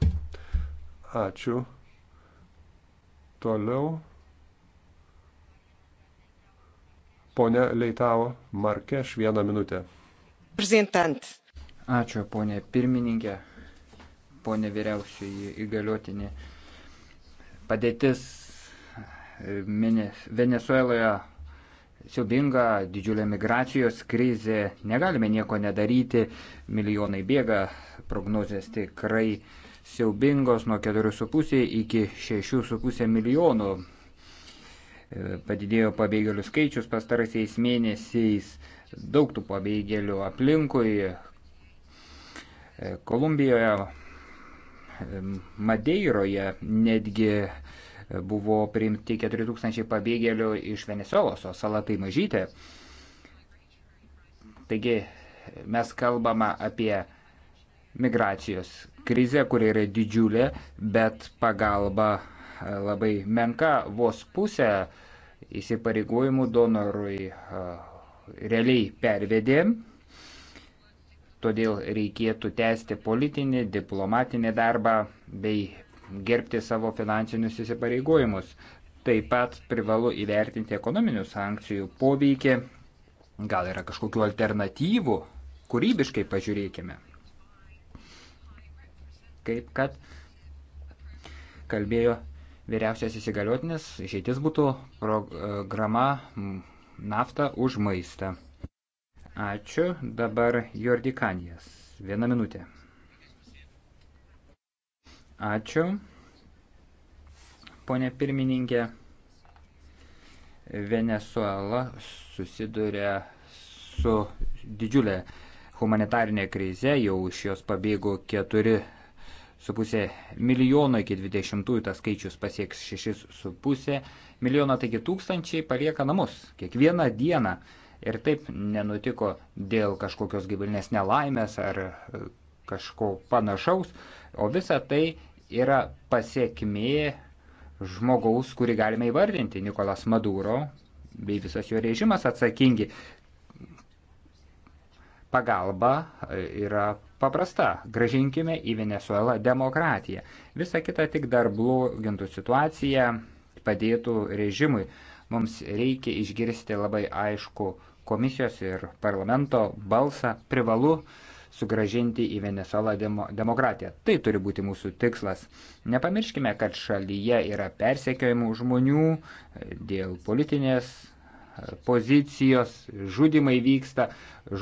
Ačiū. Toliau ponia Leitavo Markeš vieną minutę. Prezentant. Ačiū ponė pirmininkė, ponė vyriausiai įgaliotinė. Padėtis e, Venezueloje siubinga, didžiulė migracijos krizė, negalime nieko nedaryti, milijonai bėga, prognozijas tikrai siaubingos nuo 4,5 iki 6,5 milijonų. E, padidėjo pabėgėlių skaičius pastaraisiais mėnesiais, daug tų pabėgėlių aplinkui. E, Kolumbijoje, e, Madeiroje netgi buvo priimti 4000 pabėgėlių iš Venezuelos, o sala tai mažytė. Taigi mes kalbame apie migracijos krizę, kuri yra didžiulė, bet pagalba e, labai menka, vos pusę įsipareigojimų donorui e, realiai pervedėm. Todėl reikėtų tęsti politinį, diplomatinį darbą bei gerbti savo finansinius įsipareigojimus. Taip pat privalu įvertinti ekonominių sankcijų poveikį. Gal yra kažkokių alternatyvų? Kūrybiškai pažiūrėkime kaip kad kalbėjo vyriausias įsigaliotinis, išeitis būtų programa nafta už maistą. Ačiū, dabar Jordi Kanijas. Viena minutė. Ačiū, ponė pirmininkė. Venezuela susiduria su didžiulė humanitarinė krize, jau iš jos pabėgo keturi 2,5 milijono iki 20-ųjų tas skaičius pasieks 6,5 milijono, taigi tūkstančiai palieka namus kiekvieną dieną. Ir taip nenutiko dėl kažkokios gyvulinės nelaimės ar kažko panašaus, o visa tai yra pasiekmė žmogaus, kurį galime įvardinti, Nikolas Maduro bei visas jo režimas atsakingi. Pagalba yra paprasta - gražinkime į Venezuelą demokratiją. Visa kita tik dar blogintų situaciją, padėtų režimui. Mums reikia išgirsti labai aišku komisijos ir parlamento balsą privalu sugražinti į Venezuelą demo, demokratiją. Tai turi būti mūsų tikslas. Nepamirškime, kad šalyje yra persekiojimų žmonių dėl politinės pozicijos, žudimai vyksta,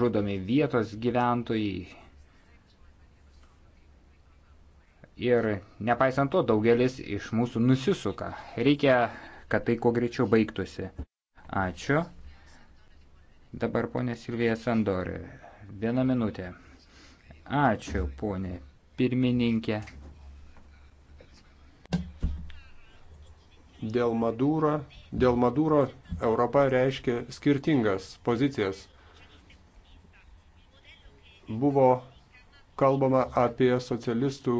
žudomi vietos gyventojai, Ir nepaisant to, daugelis iš mūsų nusisuka. Reikia, kad tai kuo greičiau baigtųsi. Ačiū. Dabar ponė Silvija Sandori. Vieną minutę. Ačiū, ponė pirmininkė. Dėl Madūro, dėl Madūro Europa reiškia skirtingas pozicijas. Buvo kalbama apie socialistų,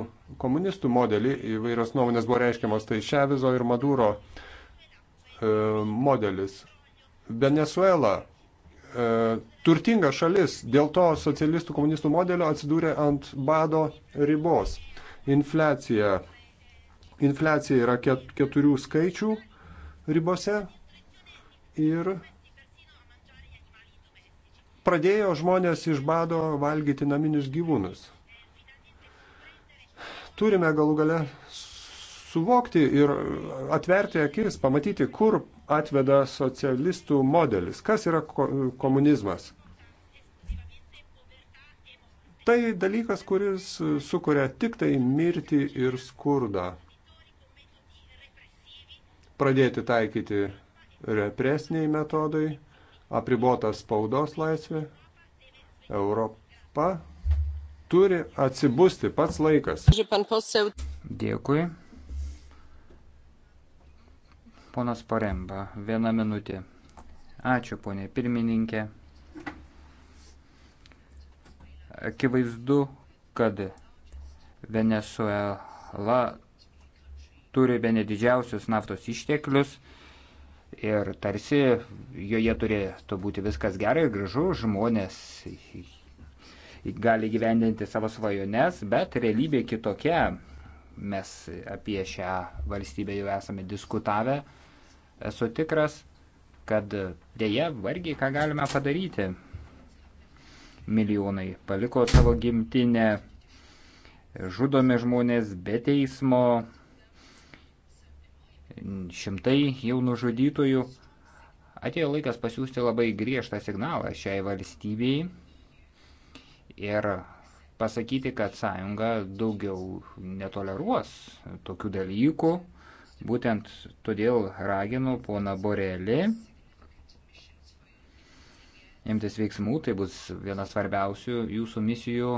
komunistų modelį, įvairios nuomonės buvo reiškiamos, tai Ševizo ir Maduro e, modelis. Venezuela e, turtinga šalis, dėl to socialistų komunistų modelio atsidūrė ant bado ribos. Infliacija. Infliacija yra keturių skaičių ribose ir pradėjo žmonės iš bado valgyti naminius gyvūnus. Turime galų gale suvokti ir atverti akis, pamatyti, kur atveda socialistų modelis, kas yra komunizmas. Tai dalykas, kuris sukuria tik tai mirtį ir skurdą. Pradėti taikyti represiniai metodai apribota spaudos laisvė, Europa turi atsibusti pats laikas. Dėkui. Ponas Paremba, viena minutė. Ačiū, ponė pirmininkė. Akivaizdu, kad Venezuela turi bene didžiausius naftos išteklius ir tarsi joje turėtų būti viskas gerai ir gražu, žmonės gali gyvendinti savo svajones, bet realybė kitokia. Mes apie šią valstybę jau esame diskutavę. Esu tikras, kad dėje vargiai ką galime padaryti. Milijonai paliko savo gimtinę, žudomi žmonės be teismo, šimtai jau nužudytojų. Atėjo laikas pasiūsti labai griežtą signalą šiai valstybei ir pasakyti, kad sąjunga daugiau netoleruos tokių dalykų. Būtent todėl raginu poną Borelį imtis veiksmų, tai bus viena svarbiausių jūsų misijų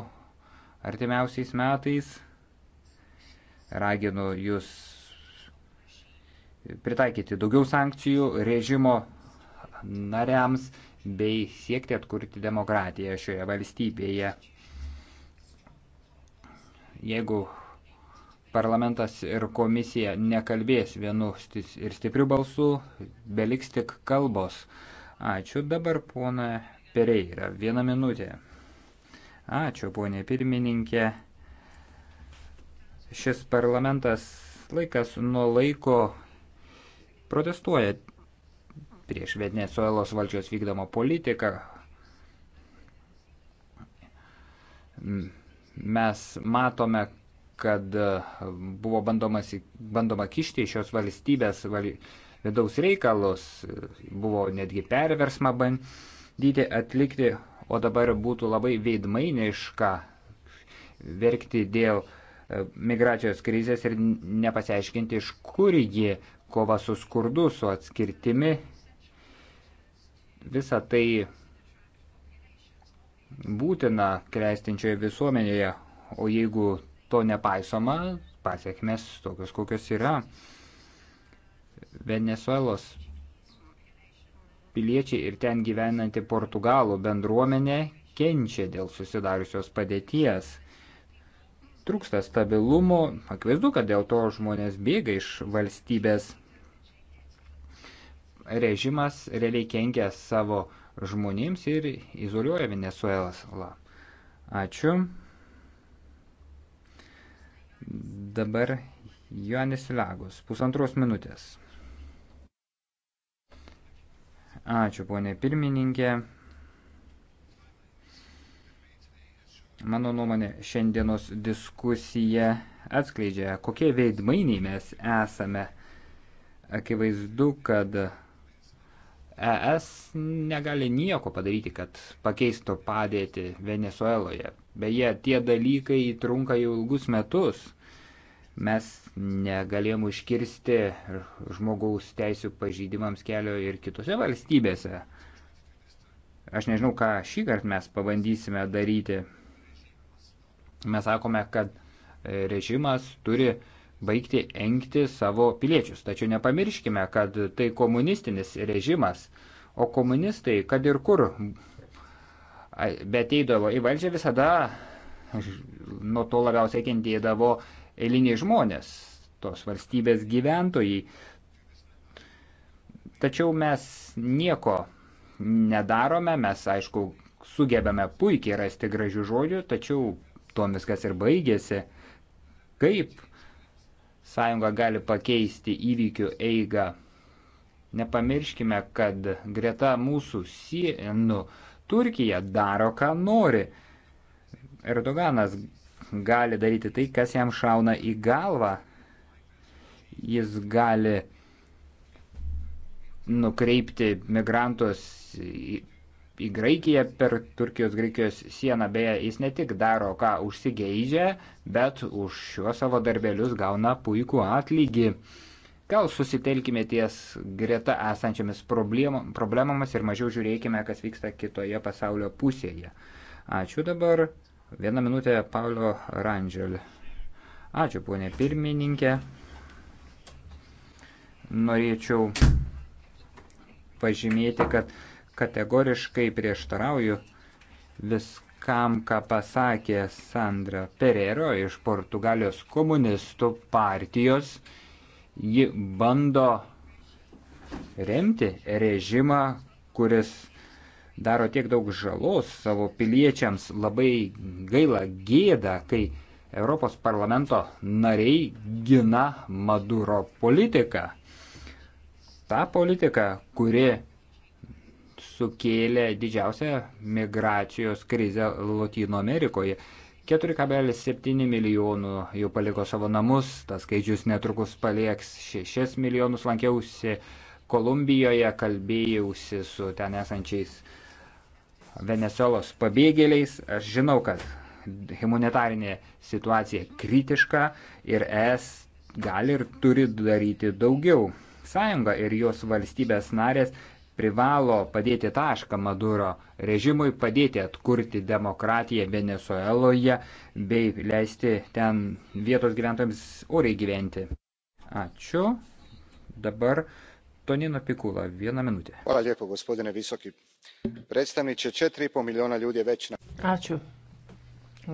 artimiausiais metais. Raginu jūs pritaikyti daugiau sankcijų režimo nariams bei siekti atkurti demokratiją šioje valstybėje. Jeigu parlamentas ir komisija nekalbės vienu ir stipriu balsu, beliks tik kalbos. Ačiū dabar, pona Pereira. Vieną minutę. Ačiū, ponė pirmininkė. Šis parlamentas laikas nuo laiko protestuoja prieš Venezuelos valdžios vykdomą politiką. Mes matome, kad buvo bandomas, bandoma kišti iš šios valstybės val, vidaus reikalus, buvo netgi perversma bandyti atlikti, o dabar būtų labai veidmainiška verkti dėl migracijos krizės ir nepasiaiškinti, iš kur ji kova su skurdu, su atskirtimi. Visa tai būtina klestinčioje visuomenėje, o jeigu to nepaisoma, pasiekmes tokios kokios yra. Venezuelos piliečiai ir ten gyvenanti Portugalų bendruomenė kenčia dėl susidariusios padėties. Trūksta stabilumo, akivaizdu, kad dėl to žmonės bėga iš valstybės režimas realiai kenkia savo žmonėms ir izoliuoja Venezuelą. Ačiū. Dabar Joanis Lagos, pusantros minutės. Ačiū, ponė pirmininkė. Mano nuomonė, šiandienos diskusija atskleidžia, kokie veidmainiai mes esame. Akivaizdu, kad ES negali nieko padaryti, kad pakeistų padėtį Venezueloje. Beje, tie dalykai trunka jau ilgus metus. Mes negalėjom užkirsti žmogaus teisų pažydimams kelio ir kitose valstybėse. Aš nežinau, ką šį kartą mes pabandysime daryti. Mes sakome, kad režimas turi uh, baigti engti savo piliečius. Tačiau nepamirškime, kad tai komunistinis režimas, o komunistai, kad ir kur beteidavo į valdžią, visada nuo to labiausiai kentėdavo eiliniai žmonės, tos valstybės gyventojai. Tačiau mes nieko nedarome, mes aišku sugebame puikiai rasti gražių žodžių, tačiau tuo viskas ir baigėsi. Kaip sąjunga gali pakeisti įvykių eigą. Nepamirškime, kad greta mūsų sienų Turkija daro, ką nori. Erdoganas gali daryti tai, kas jam šauna į galvą. Jis gali nukreipti migrantus į Graikiją per Turkijos-Graikijos sieną. Beje, jis ne tik daro, ką užsigeidžia, bet už šiuos savo darbelius gauna puikų atlygį. Gal susitelkime ties greta esančiamis problemomis ir mažiau žiūrėkime, kas vyksta kitoje pasaulio pusėje. Ačiū dabar. Vieną minutę Paulio Randželį. Ačiū, ponė pirmininkė. Norėčiau pažymėti, kad kategoriškai prieštarauju viskam, ką pasakė Sandra Perero iš Portugalijos komunistų partijos. Ji bando remti režimą, kuris daro tiek daug žalos savo piliečiams. Labai gaila gėda, kai Europos parlamento nariai gina Maduro politiką. Ta politika, kuri sukėlė didžiausią migracijos krizę Latino Amerikoje. 4,7 milijonų jau paliko savo namus, tas skaičius netrukus palieks 6 milijonus. Lankiausi Kolumbijoje, kalbėjausi su ten esančiais Venezuelos pabėgėliais. Aš žinau, kad humanitarinė situacija kritiška ir es gali ir turi daryti daugiau. Sąjunga ir jos valstybės narės privalo padėti tašką Maduro režimui, padėti atkurti demokratiją Venezueloje bei leisti ten vietos gyventojams oriai gyventi. Ačiū. Dabar Tonino Pikula, viena minutė. Hvala lijepo, gospodine visoki predstavniče. 4,5 miliona ljudi je već na... Ačiū.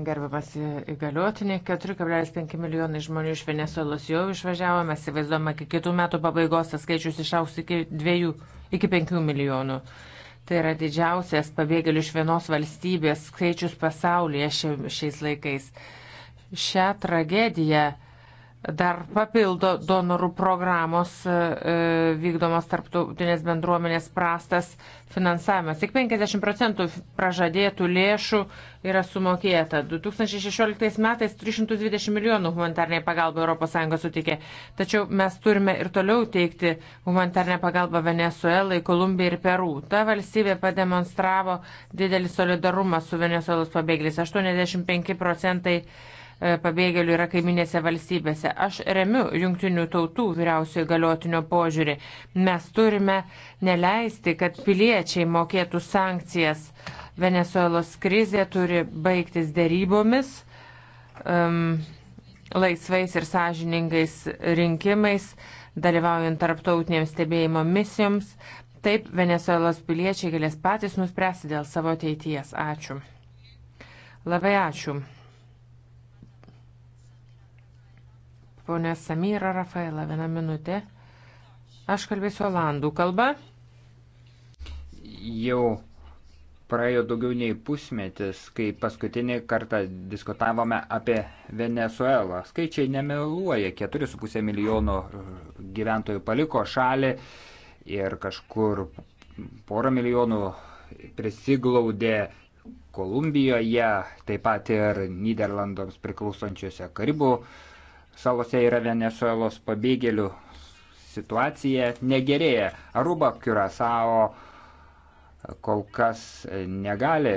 Gerbiamas įgaliotinė, 4,5 milijonai žmonių iš Venezuelos jau išvažiavo, mes įvaizduojame, iki kitų metų pabaigos tas skaičius išauks iki 2, iki 5 milijonų. Tai yra didžiausias pabėgėlių iš vienos valstybės skaičius pasaulyje šia, šiais laikais. Šią tragediją dar papildo donorų programos e, e, vykdomos tarptautinės bendruomenės prastas finansavimas. Tik 50 procentų pražadėtų lėšų yra sumokėta. 2016 metais 320 milijonų humanitarniai pagalba ES sutikė. Tačiau mes turime ir toliau teikti humanitarnę pagalbą Venezuelai, Kolumbijai ir Peru. Ta valstybė pademonstravo didelį solidarumą su Venezuelos pabėgėliais. 85 procentai E, pabėgėlių yra kaiminėse valstybėse. Aš remiu jungtinių tautų vyriausiojo galiotinio požiūrį. Mes turime neleisti, kad piliečiai mokėtų sankcijas. Venezuelos krizė turi baigtis dėrybomis, um, laisvais ir sąžiningais rinkimais, dalyvaujant tarptautiniams stebėjimo misijoms. Taip Venezuelos piliečiai galės patys nuspręsti dėl savo ateities. Ačiū. Labai ačiū. ponė Samyra Rafaela, vieną minutę. Aš kalbėsiu olandų kalbą. Jau praėjo daugiau nei pusmetis, kai paskutinį kartą diskutavome apie Venezuelą. Skaičiai nemeluoja, 4,5 milijono e, gyventojų paliko šalį ir kažkur porą milijonų prisiglaudė Kolumbijoje, taip pat ir Niderlandams priklausančiose Karibų salose yra Venezuelos pabėgėlių situacija negerėja. Aruba Kurasao kol kas negali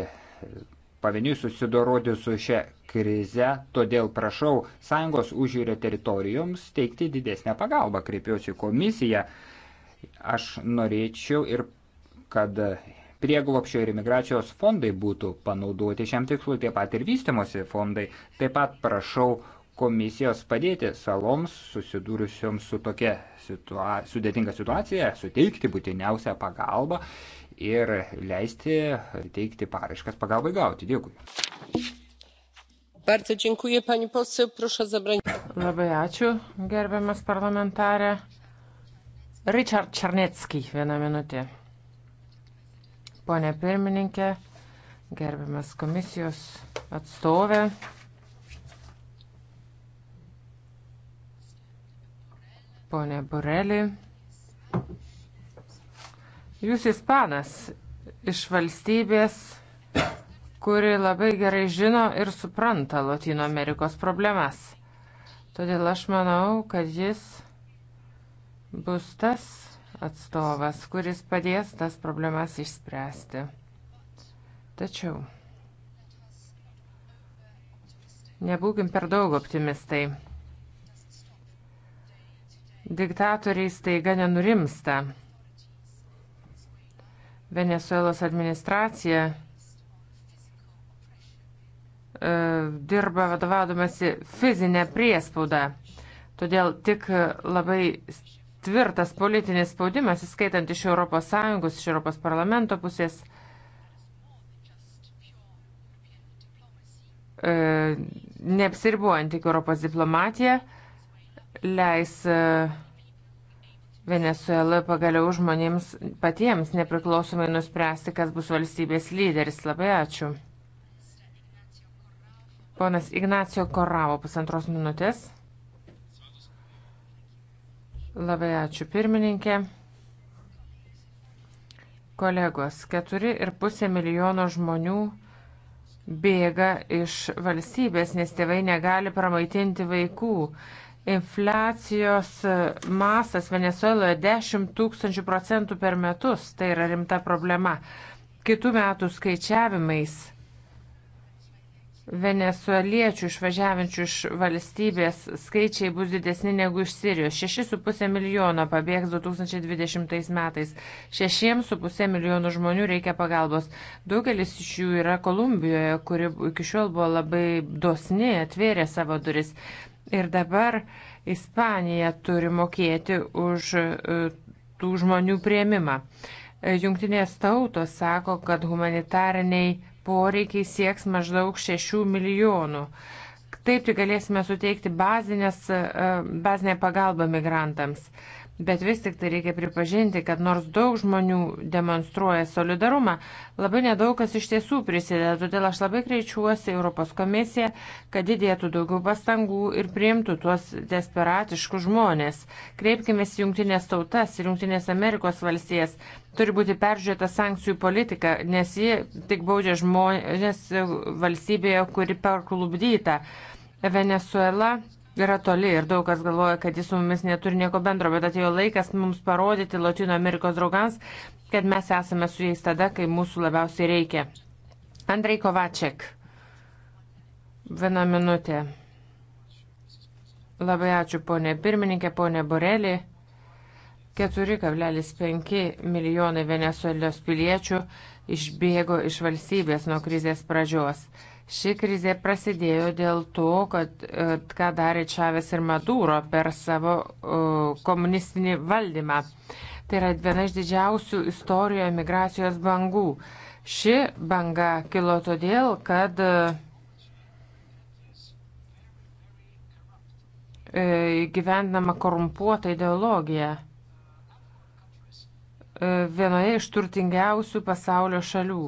pavieniui susidoroti su šia krize, todėl prašau Sąjungos užjūrio teritorijoms teikti didesnę pagalbą, kreipiuosi komisiją. Aš norėčiau ir kad prieglopšio ir imigracijos fondai būtų panaudoti šiam tikslui, taip pat ir vystimosi fondai. Taip pat prašau komisijos padėti saloms susidūrusioms su tokia situa sudėtinga situacija, suteikti būtiniausią pagalbą ir leisti teikti paraiškas pagalbai gauti. Dėkui. Bardzo dziękuję pani poseł. Proszę o zabranie. Labai ačiū, gerbiamas parlamentarė. Richard Čarnecki, vieną minutę. Pone pirmininkė, gerbiamas komisijos atstovė. ponė Borelį. Jūs ispanas iš valstybės, kuri labai gerai žino ir supranta Latino Amerikos problemas. Todėl aš manau, kad jis bus tas atstovas, kuris padės tas problemas išspręsti. Tačiau nebūkim per daug optimistai. Diktatoriai staiga nenurimsta. Venezuelos administracija e, dirba vadovaudomasi fizinę priespaudą. Todėl tik labai tvirtas politinis spaudimas, įskaitant iš ES, iš ES parlamento pusės, e, neapsiribuojant tik Europos diplomatiją, leis e, Venezuela pagaliau žmonėms patiems nepriklausomai nuspręsti, kas bus valstybės lyderis. Labai ačiū. Ponas Ignacio Koravo, pusantros minutės. Labai ačiū pirmininkė. Kolegos, 4,5 milijono žmonių bėga iš valstybės, nes tėvai negali pramaitinti vaikų. Infliacijos masas Venezueloje 10 tūkstančių procentų per metus, tai yra rimta problema. Kitų metų skaičiavimais venezueliečių išvažiavinčių iš valstybės skaičiai bus didesni negu iš Sirijos. 6,5 milijono pabėgs 2020 metais. 6,5 milijonų žmonių reikia pagalbos. Daugelis iš jų yra Kolumbijoje, kuri iki šiol buvo labai dosni, atvėrė savo duris. Ir dabar Ispanija turi mokėti už e, tų žmonių prieimimą. E, Junktinės tautos sako, kad humanitariniai poreikiai sieks maždaug 6 milijonų. Taip tik galėsime suteikti bazinės, e, bazinę pagalbą migrantams. Bet vis tik tai reikia pripažinti, kad nors daug žmonių demonstruoja solidarumą, labai nedaug kas iš tiesų prisideda. Todėl aš labai kreičiuosi Europos komisiją, kad įdėtų daugiau pastangų ir priimtų tuos desperatiškus žmonės. Kreipkime į Junktinės tautas ir Junktinės Amerikos valstijas. Turi būti peržiūrėta sankcijų politika, nes ji tik baudžia žmonės valstybėje, kuri perklubdyta. Venezuela yra toli ir daug kas galvoja, kad jis su mumis neturi nieko bendro, bet atėjo laikas mums parodyti Latino Amerikos draugams, kad mes esame su jais tada, kai mūsų labiausiai reikia. Andrei Kovaček. Viena minutė. Labai ačiū, ponė pirmininkė, ponė Borelį. 4,5 milijonai Venezuelos piliečių išbėgo iš valstybės nuo krizės pradžios. Ši krizė prasidėjo dėl to, kad e, ką darė Čavės ir Maduro per savo uh, komunistinį valdymą. Tai yra viena iš didžiausių istorijoje migracijos bangų. Ši banga kilo todėl, kad uh, e, gyvendama korumpuota ideologija uh, vienoje iš turtingiausių pasaulio šalių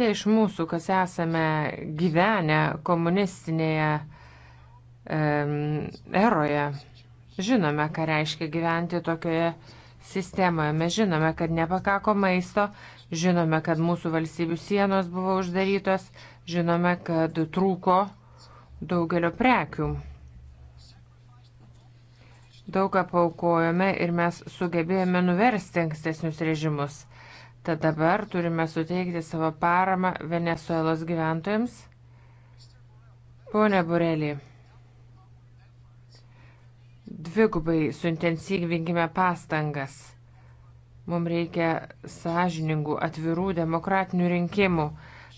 tie iš mūsų, kas esame gyvenę komunistinėje um, eroje, žinome, ką reiškia gyventi tokioje sistemoje. Mes žinome, kad nepakako maisto, žinome, kad mūsų valstybių sienos buvo uždarytos, žinome, kad trūko daugelio prekių. Daug ką paukojome ir mes sugebėjome nuversti ankstesnius režimus. Tad dabar turime suteikti savo paramą Venezuelos gyventojams. Pone Burelį, dvigubai suintensyvinkime pastangas. Mums reikia sąžiningų, atvirų, demokratinių rinkimų.